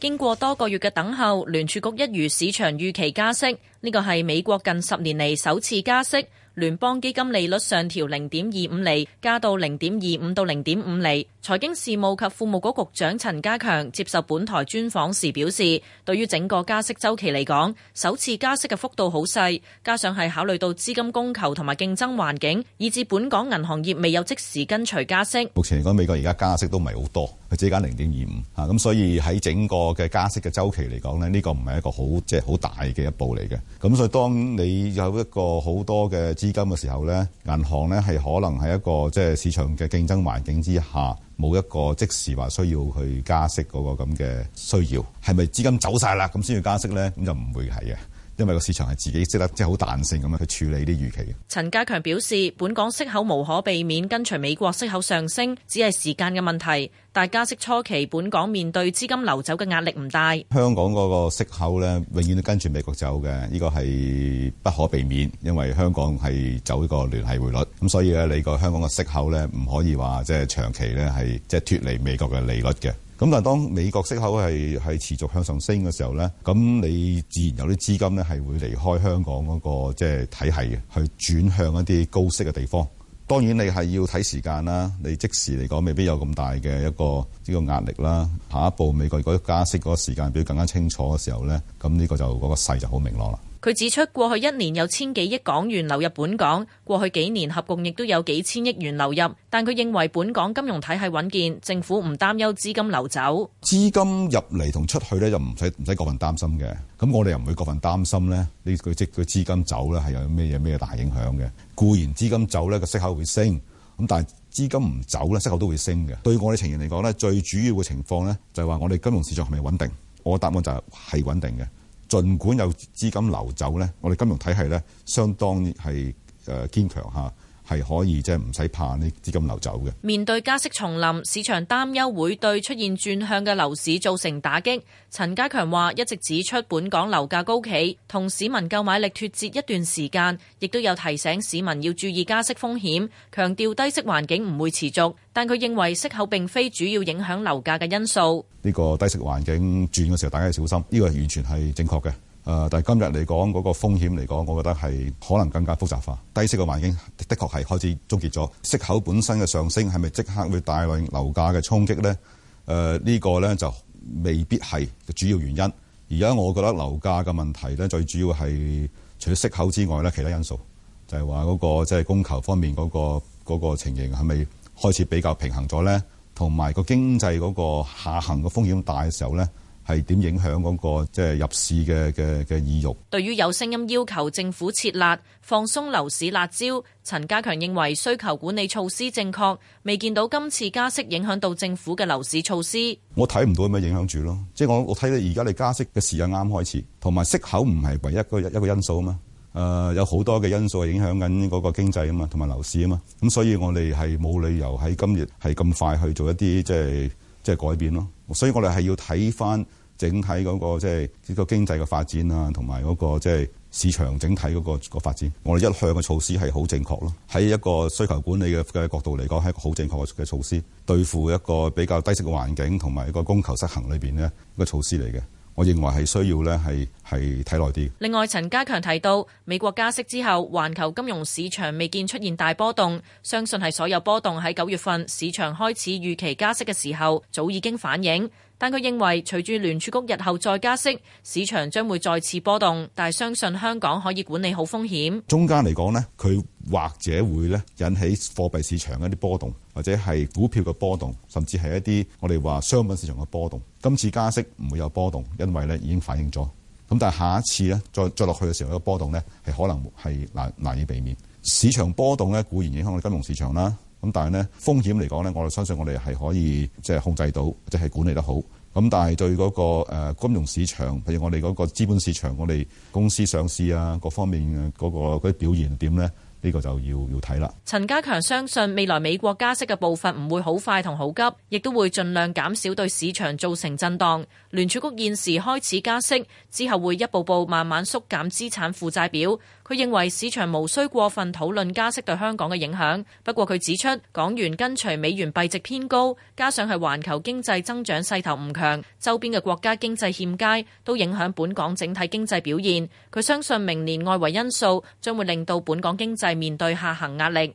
經過多個月嘅等候，聯儲局一如市場預期加息，呢個係美國近十年嚟首次加息。聯邦基金利率上調零點二五厘，加到零點二五到零點五厘。財經事務及庫務局局長陳家強接受本台專訪時表示，對於整個加息周期嚟講，首次加息嘅幅度好細，加上係考慮到資金供求同埋競爭環境，以至本港銀行業未有即時跟隨加息。目前嚟講，美國而家加息都唔係好多，只加零點二五吓，咁所以喺整個嘅加息嘅周期嚟講呢，呢個唔係一個好即係好大嘅一步嚟嘅。咁所以當你有一個好多嘅資金嘅時候咧，銀行咧係可能係一個即係市場嘅競爭環境之下，冇一個即時話需要去加息嗰個咁嘅需要，係咪資金走晒啦咁先要加息咧？咁就唔會係嘅。因為個市場係自己識得即係好彈性咁樣去處理啲預期嘅。陳家強表示，本港息口無可避免跟隨美國息口上升，只係時間嘅問題。但加息初期，本港面對資金流走嘅壓力唔大。香港嗰個息口咧，永遠都跟住美國走嘅，呢個係不可避免。因為香港係走呢個聯繫匯率，咁所以咧，你個香港嘅息口咧，唔可以話即係長期咧係即係脫離美國嘅利率嘅。咁但當美國息口係持續向上升嘅時候呢，咁你自然有啲資金呢係會離開香港嗰個即係體系去轉向一啲高息嘅地方。當然你係要睇時間啦，你即時嚟講未必有咁大嘅一個呢個壓力啦。下一步美國嗰啲加息嗰個時間表更加清楚嘅時候呢，咁呢個就嗰個勢就好明朗啦。佢指出，過去一年有千幾億港元流入本港，過去幾年合共亦都有幾千億元流入。但佢認為本港金融體系穩健，政府唔擔憂資金流走。資金入嚟同出去咧，就唔使唔使過分擔心嘅。咁我哋又唔會過分擔心咧，呢個即個資金走咧係有咩嘢咩大影響嘅。固然資金走咧個息口會升，咁但係資金唔走咧息口都會升嘅。對我哋情形嚟講咧，最主要嘅情況咧就係話我哋金融市場係咪穩定？我答案就係係穩定嘅。儘管有資金流走，呢我哋金融體系呢相當係誒堅強。係可以，即係唔使怕啲資金流走嘅。面對加息重臨，市場擔憂會對出現轉向嘅樓市造成打擊。陳家強話：一直指出本港樓價高企同市民購買力脱節一段時間，亦都有提醒市民要注意加息風險，強調低息環境唔會持續。但佢認為息口並非主要影響樓價嘅因素。呢個低息環境轉嘅時候，大家要小心。呢、呢個完全係正確嘅。誒，但係今日嚟講嗰個風險嚟講，我覺得係可能更加複雜化。低息嘅環境的確係開始終結咗，息口本身嘅上升係咪即刻會帶嚟樓價嘅衝擊呢？誒、呃，呢、呢個呢就未必係主要原因。而家我覺得樓價嘅問題呢，最主要係除咗息口之外呢，其他因素就係話嗰個即係供求方面嗰、嗰個嗰個情形係咪開始比較平衡咗呢？同埋個經濟嗰個下行嘅風險大嘅時候呢。係點影響嗰個即係入市嘅嘅嘅意欲。對於有聲音要求政府撤辣、放鬆樓市辣招，陳家強認為需求管理措施正確，未見到今次加息影響到政府嘅樓市措施。我睇唔到咩影響住咯，即係我我睇到而家你加息嘅時間啱開始，同埋息口唔係唯一一個一個因素啊嘛。誒，有好多嘅因素影響緊嗰個經濟啊嘛，同埋樓市啊嘛。咁所以我哋係冇理由喺今日係咁快去做一啲即係即係改變咯。所以我哋係要睇翻整體嗰、嗰個即係呢個經濟嘅發展啊，同埋嗰個即係市場整體嗰、嗰個發發展。我哋一向嘅措施係好正確咯，喺一個需求管理嘅嘅角度嚟講，係一個好正確嘅措施，對付一個比較低息嘅環境同埋一個供求失衡裏邊咧，一個措施嚟嘅。我認為係需要咧，係係睇耐啲。另外，陳家強提到，美國加息之後，環球金融市場未見出現大波動，相信係所有波動喺九月份市場開始預期加息嘅時候，早已經反映。但佢認為，隨住聯儲局日後再加息，市場將會再次波動，但係相信香港可以管理好風險。中間嚟講呢，佢或者會呢引起貨幣市場一啲波動。或者係股票嘅波動，甚至係一啲我哋話商品市場嘅波動。今次加息唔會有波動，因為咧已經反映咗。咁但係下一次咧再再落去嘅時候，這個波動咧係可能係難難以避免。市場波動咧固然影響我哋金融市場啦，咁但係咧風險嚟講咧，我哋相信我哋係可以即係控制到，即係管理得好。咁但係對嗰個誒金融市場，譬如我哋嗰個資本市場，我哋公司上市啊，各方面嗰個嗰啲表現點咧？呢個就要要睇啦。陳家強相信未來美國加息嘅步伐唔會好快同好急，亦都會盡量減少對市場造成震盪。聯儲局現時開始加息，之後會一步步慢慢縮減資產負債表。佢認為市場無需過分討論加息對香港嘅影響。不過佢指出，港元跟隨美元幣值偏高，加上係環球經濟增長勢頭唔強，周邊嘅國家經濟欠佳都影響本港整體經濟表現。佢相信明年外圍因素將會令到本港經濟。係面對下行壓力。